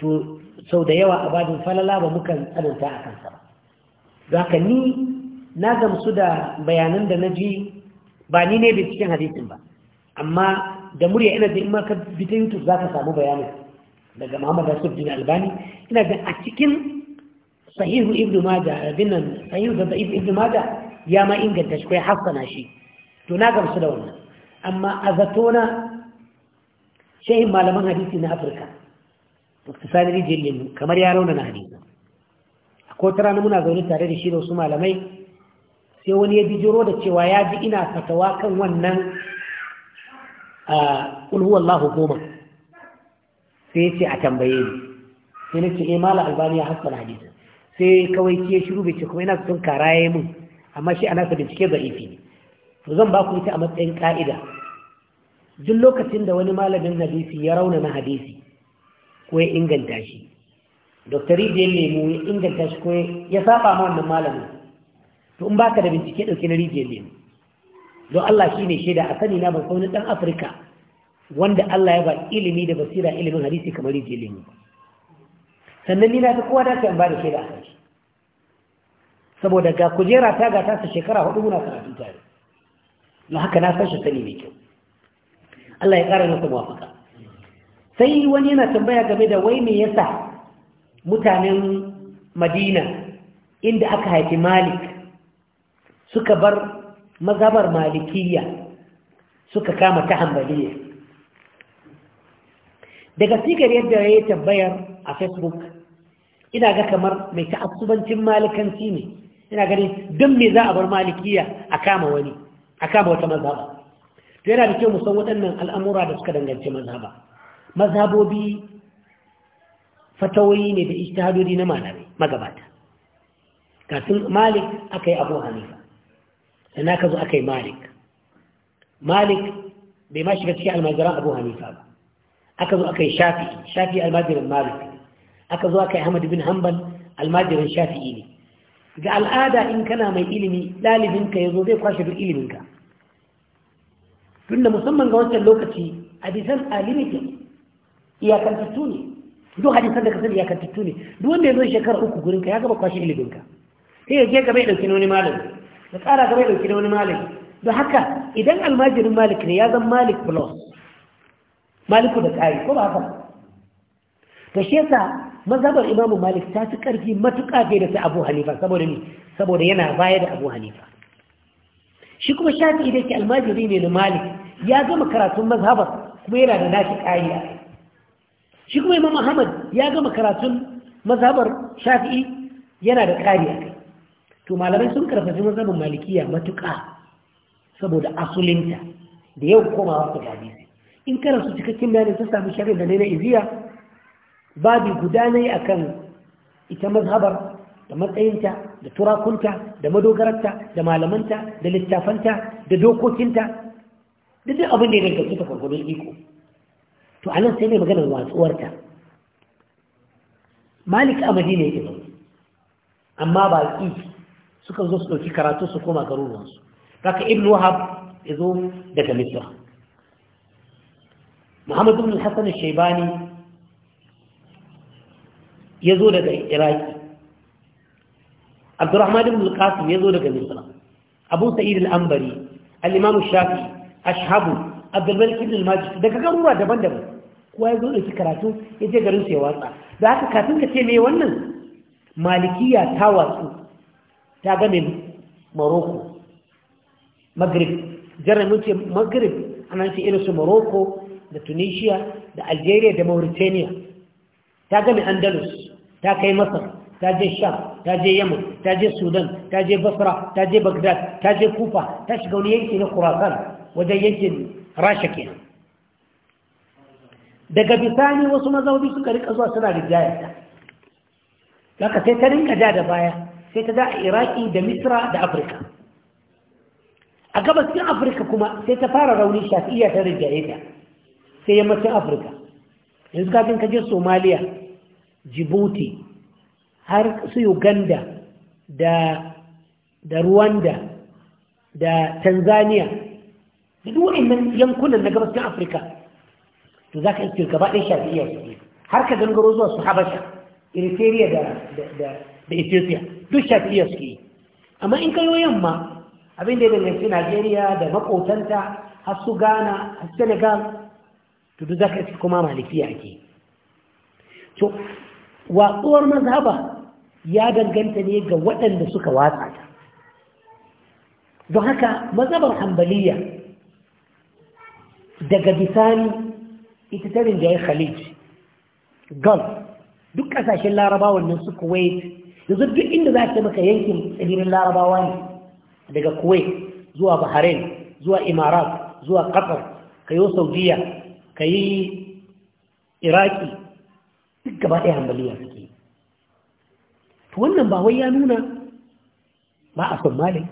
to sau da yawa a babin falala ba muka tsananta a kansa ba don haka ni na gamsu da bayanan da na ji ba ni ne bai cikin hadisin ba amma da murya ina da in ma ka bi ta youtube za ka samu bayanin daga muhammad rasul albani ina ga a cikin sahihu ibnu maja abin nan sahihu da ibnu maja ya ma inganta shi ko ya hassana shi to na gamsu da wannan amma a zatona shehin malaman hadisi na afirka dr sani rijiyar kamar ya raunana hadisi a kotar rana muna zaune tare da shi da wasu malamai sai wani ya bijiro da cewa ya ji ina fatawa kan wannan a ulhuwallahu goma sai ya ce a tambaye ni sai na ce eh mala albani ya hassana hadisi sai kawai ke shiru bai kuma yana sun kara ya mun amma shi ana sa bincike ba ifi ne to zan ba ku ita a matsayin ka'ida duk lokacin da wani malamin hadisi ya rauna na hadisi ko ya inganta shi dr rijiyar lemu ya inganta shi ko ya saba ma wannan malamin to in baka da bincike dauke na rijiyar lemu don Allah shi ne shaida a sani na ban kaunin dan afirka wanda Allah ya ba ilimi da basira ilimin hadisi kamar rijiyar lemu sannan ni na fi kowa dace in ba da shaida a kan saboda ga kujera ta ga tasa shekara hudu muna karatu tare na haka na san shi sani mai kyau Allah ya kara nasa muwafaka sai wani yana tambaya game da wai me yasa mutanen Madina inda aka haifi Malik suka bar mazhabar Malikiyya suka kama ta Hanbaliyya daga sikar yadda ya yi tambayar a Facebook ina ga kamar mai ta'assubancin malikanci ne ina ganin don me za a bar malikiya a kama wani a kama wata mazhaba to yana da kyau mu san waɗannan al'amura da suka danganci mazhaba mazhabobi fatawoyi ne da ijtihadodi na malamai magabata kafin malik aka yi abu hanifa sannan aka zo aka yi malik malik bai ma shiga cikin almajiran abu hanifa ba aka zo aka yi shafi shafi almajiran malik aka zo aka yi Ahmad bin Hanbal almajirin Shafi'i ne ga al'ada in kana mai ilimi dalibin ka yazo zai kwashe duk ilimin ka tunda musamman ga wancan lokaci hadisan alimiti ke iyakan tattu ne duk hadisan da ka iyakar iyakan tattu ne duk wanda yazo shekara uku gurin ka ya gaba kwashe ilimin ka sai ya je gaba ya dauki wani malami ya tsara gaba ya dauki wani malami don haka idan almajirin malik ne ya zama malik plus maliku da ƙari ko ba haka ga shesa mazhabar Imam malik ta fi karfi matuƙa fiye da sai abu hanifa saboda ni saboda yana baya da abu hanifa shi kuma shafi da ke almajiri ne na malik ya gama karatun mazhabar kuma yana da nashi ƙariya shi kuma imam ahmad ya gama karatun mazhabar shafi'i yana da kai. to malamai sun karfafi mazhabar malikiya matuƙa saboda asulinta da yau komawa su hadisi in kana su cikakken bayanin ta samu shari'a da ne na iziya babi guda ne akan ita mazhabar da matsayinta da turakunta da madogararta da malamanta da littafanta da dokokinta da duk abin da ya ta iko to a nan sai ne maganar watsuwarta malik amadi ne ya amma baƙi suka zo su ɗauki karatu su koma garuruwansu kaka ibn wahab ya zo daga misra muhammadu bin hassan shaibani ya zo daga iraki abdurrahman ibn al-qasim ya zo daga misra abu sa'id al-ambari al-imam shafi ashabu abdulmalik ibn al-majid daga garuruwa daban-daban kowa ya zo da karatu ya je garin sai watsa da haka kafin ka ce me wannan malikiya ta watsu ta me maroko maghrib jarra mun ce maghrib ana ce irin su morocco da tunisia da algeria da mauritania ta me andalus ta kai masar ta je sham ta je yamma ta je sudan ta je basra ta je bagdad ta je kufa ta shiga wani yanki na kurasan wajen yankin rasha ke. daga bisani wasu mazaubi suka rika zuwa suna rijayarta daga sai ta rinka da baya sai ta za a iraki da misra da afirka a gabas gabashin afirka kuma sai ta fara rauni shafi'iya ta rijaye ta sai yammacin afirka yanzu kafin ka je somaliya Djibouti har su Uganda da da Rwanda da Tanzania da duk waɗannan yankunan na gabashin Afirka to za yi iske gaba ɗaya iya su har ka gangaro zuwa su Habasha Eritrea da da da Ethiopia duk shafi su yi amma in kayo yamma abin da ya danganci Najeriya da makotanta har su Ghana har Senegal to duk zaka iske kuma malikiya ake watsuwar mazhaba ya danganta ne ga waɗanda suka watsa ta don haka mazhabar hambaliya daga bisani ita ta rinjaye khalid gulf duk ƙasashen larabawan nan su kuwait da duk inda za ta maka yankin tsibirin larabawa ne daga kuwait zuwa bahrain zuwa imarat zuwa qatar ka yi saudiya ka yi iraki duk gaba ɗaya hambaliya suke to wannan ba wai ya nuna ba a son malik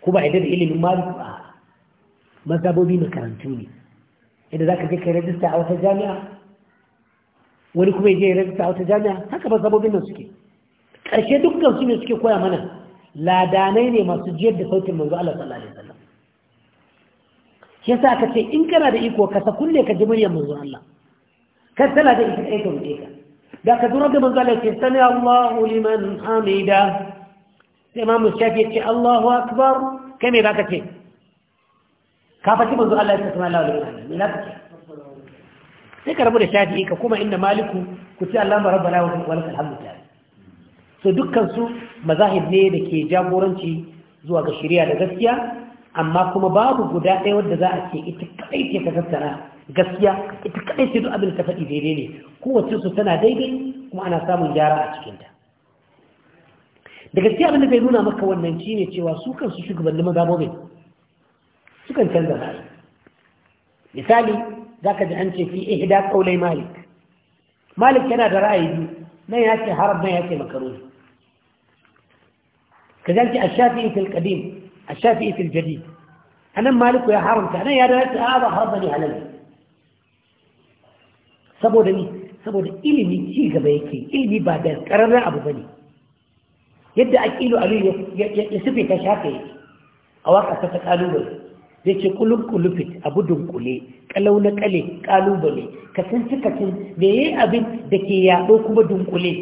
ko ba idan da ilimin malik ba Mazabobi makarantu ne idan za ka je kai rajista a wata jami'a wani kuma ya je rajista a wata jami'a haka mazabobin nan suke ƙarshe dukkan su ne suke koya mana ladanai ne masu jiyar da sautin manzo Allah sallallahu alaihi wasallam shi yasa aka ce in kana da iko ka sa kunne ka ji muryar manzo Allah kar tana da ita ɗaya ka roƙe ka da ka zurar da manzala ce sani Allahu liman hamida sai imamu shafi ya ce Allahu akbar kai me zaka ce ka faɗi manzo Allah ya tsama Allahu liman hamida me zaka ce sai ka rabu da shafi ka kuma inda maliku ku ce Allahumma rabbana wa lakal hamdu so dukkan su mazahib ne da ke jagoranci zuwa ga shari'a da gaskiya amma kuma babu guda ɗaya wadda za a ce ita kadai ce ta tattara gaskiya ita kaɗai ce duk abin ta faɗi daidai ne kowace su tana daidai kuma ana samun gyara a cikinta da gaskiya abin da bai nuna maka wannan shi ne cewa su kansu shugabannin mazabobin sukan canza ra'ayi misali za ka ji an ce fi ihda kaulai malik malik yana da ra'ayi biyu nan ya ce haram nan ya ce makaroni Ka kazalci ash-shafi'i fil qadim ash-shafi'i fil jadid nan maliku ya haramta nan ya dace a ah, ba haram ne halal saboda ni saboda ilimi ci gaba yake ilimi ba da ƙararren abu bane yadda aqilu aliyu ya sife ta shafe yake a waka ta ƙalubale, zai ce kulub kulufit abu dunkule kalau na kale kalubale ka san cikacin da yayi abin da ke yaɗo kuma dunkule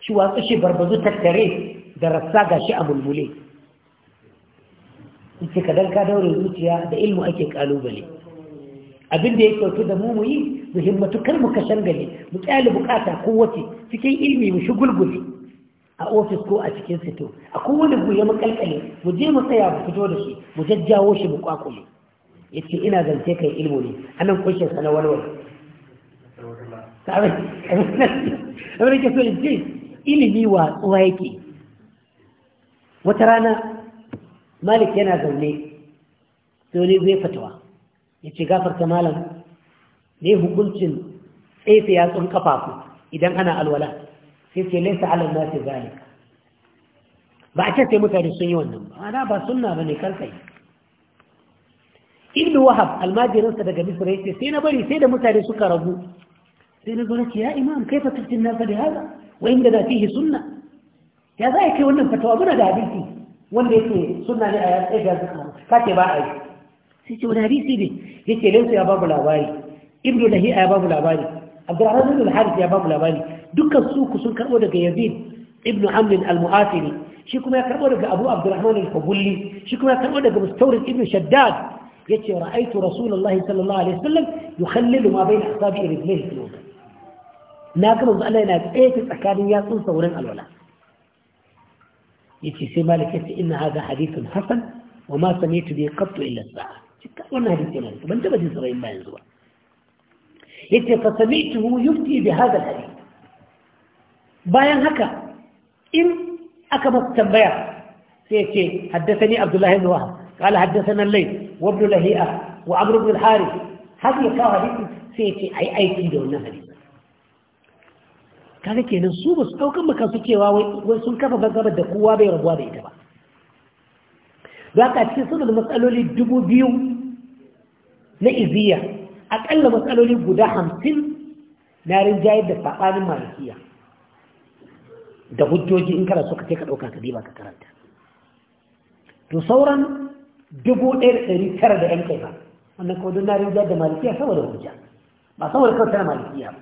shi watsu shi barbazu tattare da rassa gashi a mulmule ce ka dan ka daure zuciya da ilmu ake ƙalubale. abin da ya kyautu da mu muyi yi mu himmatu kar mu kashan gani mu kyale bukata kowace cikin ilmi mu shugulguli a ofis ko a cikin sito a kowane guye mu kalkale mu je mu tsaya mu fito da shi mu jajjawo shi mu kwakule yace ina zance kai ilmu ne anan kunshin sana walwal sabai amma ke so ce ilimi wa tsuwa yake wata rana malik yana zaune sai zai fatawa ya ce gafarta malam ne hukuncin tsefe yatsun kafafu idan ana alwala sai ce laisa alal nasi zalika ba a ce mutane sun yi wannan ba ana ba sunna bane kar kai ibnu wahab almajirinsa daga misra yace sai na bari sai da mutane suka rabu sai na zo ce ya imam kaifa tattin nasa da haza wa inda da fihi sunna ya za a kai wannan fatawa muna da abinci. wanda yake sunna ne a yatsa ga zuwa kace ba a yi sai ce wani hadisi ne ya ce ya babu labari ibnu lahiya ya babu labari abdurrahman ibn al-harith ya babu labari dukkan su ku sun karbo daga yazid ibnu amr al-mu'asiri shi kuma ya karbo daga abu abdurrahman al-fabulli shi kuma ya karbo daga mustawrid ibnu shaddad yace ra'aytu rasulullahi sallallahu alaihi wasallam yukhallilu ma bayna asabi'i rijlihi na ga manzo Allah yana tsaye tsakanin yatsun sauran alwala yace sai malik inna hadha hadithun hasan wa ma sami'tu bi qattu illa sa'a wannan hadisi ne ban taba jin sabayin ba yanzu ba yace fa sami'tuhu yufti bi hadha hadith bayan haka in aka masa tambaya sai yace haddathani abdullah ibn wahab qala haddathana al-layth wa ibn lahi'a wa amr ibn al-harith hadi ya kawo hadisi sai yace ai aiki da wannan hadisi kaga kenan su ba su daukan maka su cewa wai sun kafa gaba da kowa bai rabuwa da ita ba za ka cikin suna da matsaloli dubu biyu na iziya aƙalla matsaloli guda hamsin na rinjaye da saɓanin malikiya da hujjoji in kana suka ce ka ɗauka ka ba ka karanta to sauran dubu ɗaya da ɗari tara da ‘yan kai ba wannan kawai na rinjaye da malikiya saboda hujja ba saboda kawai tana malikiya ba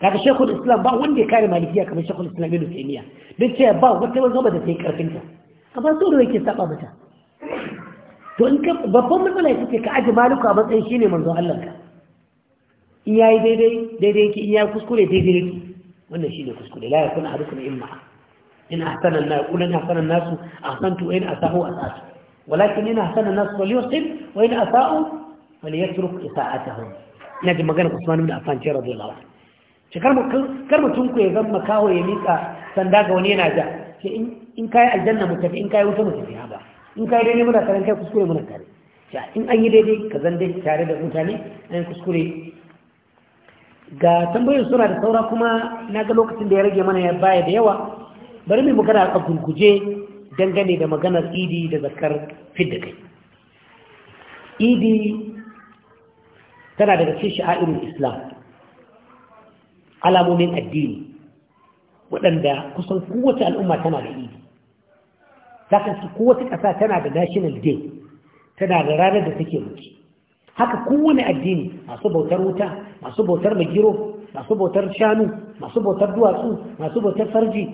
kaga shekul islam ba wanda ya kare malikiya kamar shekul islam ibn taymiya duk cewa ba wata zama da ta yi karfinta amma sauran ya yake saba mata to in ka babban matsala ita ce ka aji maluka matsayin shi ne manzon Allah ka in ya yi daidai daidai yake in ya yi kuskure daidai yake wannan shi ne kuskure la ya kuna a rukun imma in ahsanan na A ahsanan nasu ahsantu wa in asahu asasu walakin in ahsanan nasu falyusib wa isa asa'u falyatruk isa'atahum ina ji magana Usman ibn Affan ce radiyallahu anhu ce kar mutum ku ya zama kawo ya mika sanda ga wani yana ja ce in kai aljanna mu tafi in kai wuta mu tafi ha ba in ka yi daidai muna tare kai kuskure muna tare in an yi daidai ka zan dai tare da mutane an kuskure ga tambayoyin suna da saura kuma na ga lokacin da ya rage mana ya baya da yawa bari mai magana a gurguje dangane da maganar idi da zakar fidda kai idi tana daga cikin sha'irin islam alamomin addini waɗanda kusan kowace al'umma tana da idi za ka ko kowace ƙasa tana da national day tana da ranar da take muke haka kowane addini masu bautar wuta masu bautar magiro masu bautar shanu masu bautar duwatsu masu bautar farji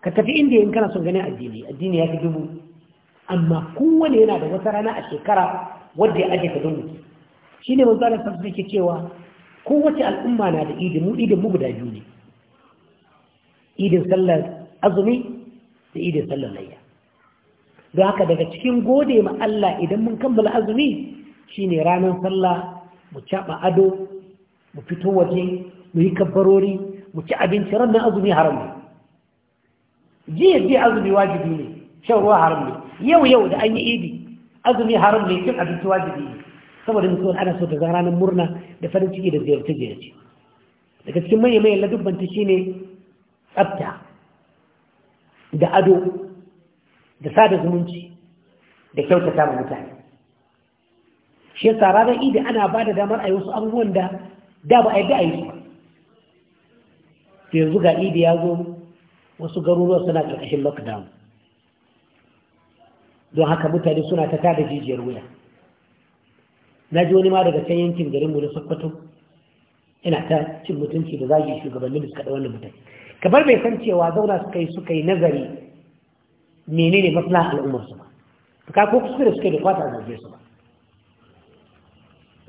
ka tafi inda yin kana son ganin addini addini ya fi dubu amma kowane yana da wata rana a shekara wadda ya ajiye ka don shi ne manzo Allah sallallahu cewa kowace al'umma na da idin mu idin mu guda biyu ne idin sallar azumi da idin sallar layya don haka daga cikin gode ma Allah idan mun kammala azumi shine ranar sallah mu caɓa ado mu fito waje mu yi kabbarori mu ci abinci ranar azumi haram ne jiya jiya azumi wajibi ne shan ruwa haram ne yau yau da an yi idi azumi haram ne cin abinci wajibi ne saboda mutuwar ana so ta zan ranar murna da farin ciki da ziyarce ziyarci daga cikin manyan manyan ladubbanta shine tsabta. da ado da sada zumunci da kyautata ma mutane shi yasa ranar idi ana ba da damar a yi wasu abubuwan da da ba a yi a yi su yanzu ga idi ya zo wasu garuruwa suna ƙarƙashin lockdown don haka mutane suna ta tada jijiyar wuya na ji wani ma daga can yankin garinmu na sokoto ina ta cin mutunci da zagi shugabannin da suka da wannan mutane kamar bai san cewa zauna suka yi suka yi nazari menene maslaha al'ummar su ba to ka ko da suka yi da kwata zarge su ba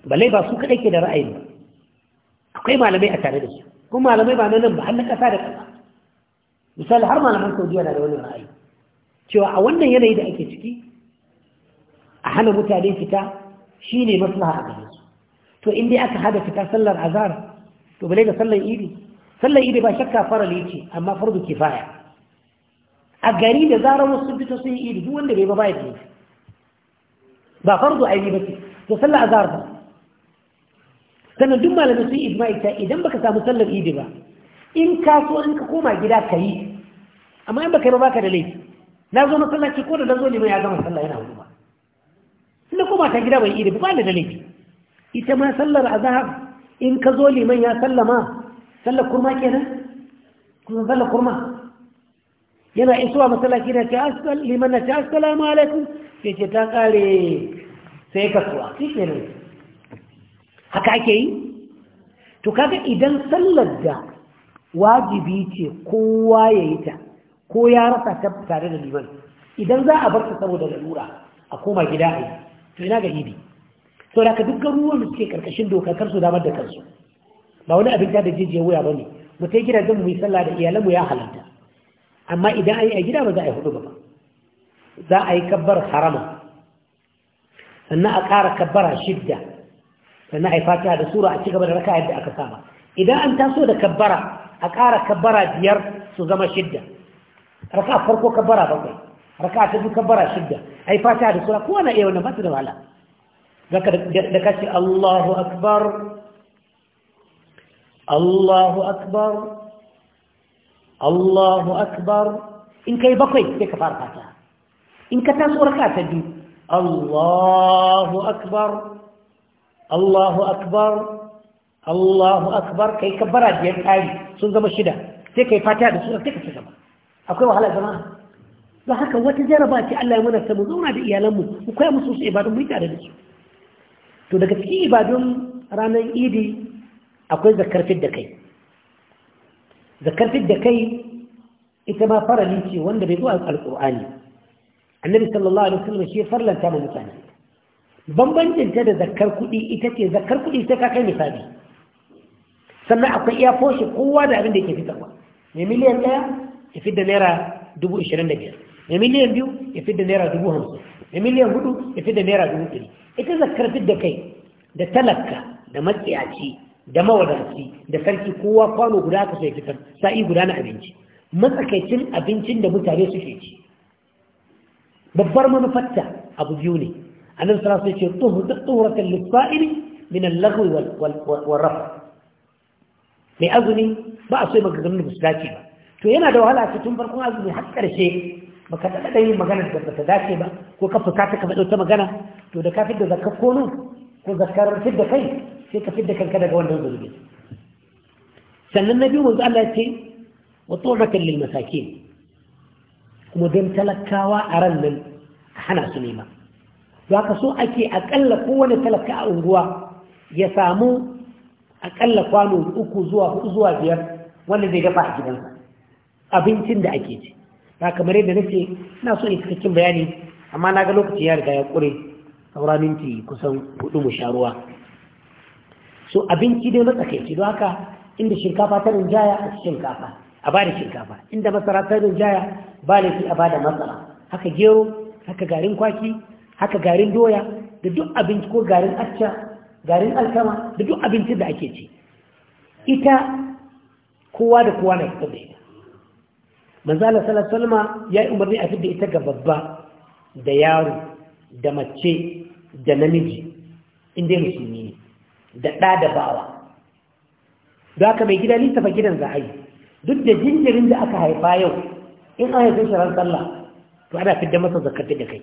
balle ba su kadai ke da ra'ayi ba akwai malamai a tare da su kuma malamai ba nan ba har na ƙasa da ƙasa. misali har malaman saudiya na da wani ra'ayi cewa a wannan yanayi da ake ciki a hana mutane fita shine maslaha a gare su to in dai aka hada fita sallar azhar to bale da sallar idi sallar idi ba shakka fara ce amma fardu kifaya a gari da zarar wasu sun fito sun yi idi duk wanda bai ba ba ya ce ba fardu aini ba ce to sallar azhar ba sannan duk malamai sun ijma'i ta idan baka samu sallar idi ba in ka so in ka koma gida ka yi amma in baka yi ba baka da laifi na zo masallaci ko da na zo ne mai ya gama sallah yana hudu ba na koma ta gida bai idi ba da laifi ita ma sallar azhar in ka zo liman ya sallama sallar kurma kenan kusan sallar kurma yana isuwa masallaci na ta asal liman na ta assalamu alaikun ke ce ta kare sai kasuwa shi kenan haka ake yi to kaga idan sallar da wajibi ce kowa ya yi ta ko ya rasa ta tare da liman idan za a bar ta saboda lalura a koma gida a yi to ina ga bi so da ka duk garuruwan da ke karkashin dokar su damar da kansu ba wani abin da jijiya wuya ba ne mu kai gidajen mu yi sallah da iyalanmu ya halatta amma idan an yi a gida ba za a yi hudu ba za a yi kabbar harama sannan a ƙara kabbara shidda sannan a yi fatiha da sura a ci gaba da raka yadda aka saba idan an taso da kabbara a ƙara kabbara biyar su zama shidda raka farko kabbara bakwai raka ta biyu kabbara shidda a yi fatiha da sura kowane iya wannan ba su da wahala zaka da kashi Allahu akbar Allahu akbar Allahu akbar in kai bakwai sai ka fara fata in ka taso raka ta biyu Allahu akbar Allahu akbar Allahu akbar kai bara biyar tsari sun zama shida sai kai fata da sura sai ka ci gaba akwai wahala jama'a don haka wata jaraba ce Allah ya mana ta mu zauna da iyalanmu mu koya musu su ibadun mu tare da su to daga cikin ibadun ranar idi akwai zakar fidda kai zakar fidda kai ita ma farali ce wanda bai zo a alƙur'ani annabi sallallahu alaihi wasallam shi farlanta ma mutane bambancin ta da zakar kuɗi ita ce zakar kuɗi sai ka kai misali sannan akwai iya foshi kowa da abin da yake fitarwa mai miliyan ɗaya ya fi da naira dubu ishirin da biyar mai miliyan biyu ya fi da naira dubu hamsin mai miliyan hudu ya fi da naira dubu ɗari ita zakar fidda kai da talaka da matsiyaci da mawadarci da sarki kowa kwano guda ka sai fitar sa'i guda na abinci matsakaicin abincin da mutane suke ci babbar manufarta abu biyu ne annabi sallallahu alaihi wasallam ya ce tuhuratan lisfa'ili min al-laghwi wal raf mai azumi ba a so maganganun da musulaci ba to yana da wahala ta tun farkon azumi har karshe baka da yin magana da ta dace ba ko ka fuka ta ka faɗo ta magana to da kafin da zakar ko ko fid da kai sai ka fidda kanka daga wannan zunubi sannan na biyu manzo Allah ya ce wa turraka lil masakin kuma dan talakawa a ran nan hana su nema to ka so ake akalla kowane talaka a unguwa ya samu akalla kwano uku zuwa hudu zuwa biyar wanda zai dafa a gidansa abincin da ake ci ba kamar yadda nake ina so in cikakken bayani amma na ga lokaci ya riga ya kure saura minti kusan hudu mu sha ruwa so abinci dai matsakaici don haka inda shinkafa ta rinjaya a shinkafa a ba da shinkafa inda masara ta rinjaya ba shi a ba da matsara haka gero haka garin kwaki haka garin doya da duk abinci ko garin acca garin alkama da duk abincin da ake ci ita kowa da kowa na fitar da ita manzala Allah ya yi umarni a fitar ita ga babba da yaro da mace da namiji inda musulmi ne da ɗa da bawa da haka mai gida lissafa gidan za a yi duk da jinjirin da aka haifa yau in an haifin shirar sallah to ana fidda masa zakar da kai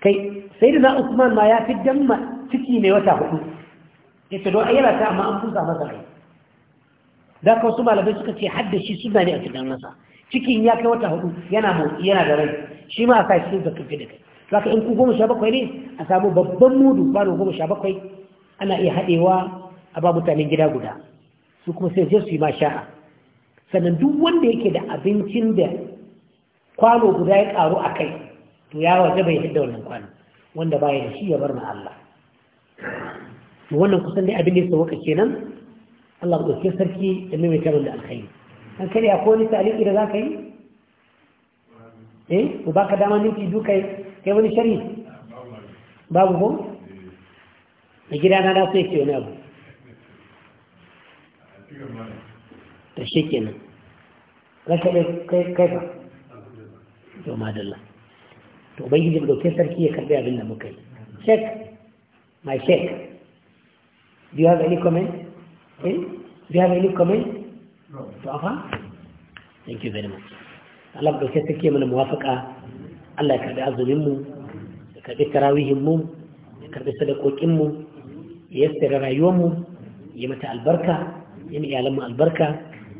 kai sai da na usman ma ya fidda ma ciki mai wata hudu ya ce don ayyana ta amma an fusa masa rai da ka wasu malamai suka ce hadda shi suna ne a fidda masa cikin ya kai wata hudu yana da rai shi ma a sa shi zakar da kai Zaka in goma sha bakwai ne a samu babban mudu kwano goma sha bakwai ana iya haɗewa a ba mutanen gida guda su kuma sai je su yi ma sha'a sannan duk wanda yake da abincin da kwano guda ya karu a kai to ya waje bai hidda wannan kwano wanda baya da shi ya bar ma Allah wannan kusan dai abin da ya sauka kenan Allah ce sarki da mai karin da alkhairi an kare akwai wani taliki da za ka yi eh ba ka dama minti duka kai wani shari babu ko eh. na gida na da so yake wani abu ne. shi kenan rashin kai kai ba to madalla to ubangiji ke sarki ya karbi abin da muka yi check my check do you have any comment eh? do you have any comment to afa thank you very much Allah dauke sarki ya mana muwafaka Allah ya karɓi azuminmu ya karɓi tarawihinmu ya karɓi sadakokinmu ya yassara rayuwarmu ya mata albarka ya mi mu albarka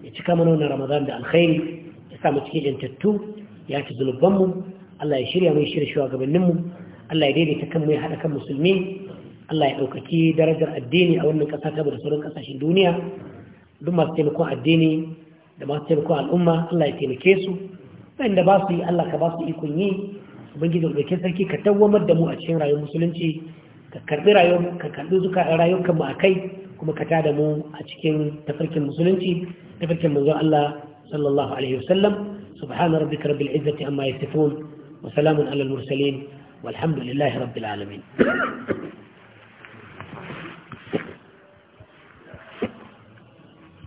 ya cika mana wannan ramadan da alkhairi ya sa mu cikin yantattu ya ci zunubanmu Allah ya shirya mu shirya shugabanninmu Allah ya daidaita kanmu ya haɗa kan musulmi Allah ya ɗaukaki darajar addini a wannan ƙasa ta da sauran ƙasashen duniya duk masu taimakon addini da masu taimakon al'umma Allah ya taimake su waɗanda ba su yi Allah ka ba su ikon yi ubangiji ɗauke sarki ka tawamar da mu a cikin rayuwar musulunci ka karɓi rayuwar ka karɓi zuka rayuwar mu a kai kuma ka tada mu a cikin tafarkin musulunci tafarkin manzon Allah sallallahu alaihi wasallam subhana rabbika rabbil izzati amma yasifun wa salamun alal mursalin والحمد لله رب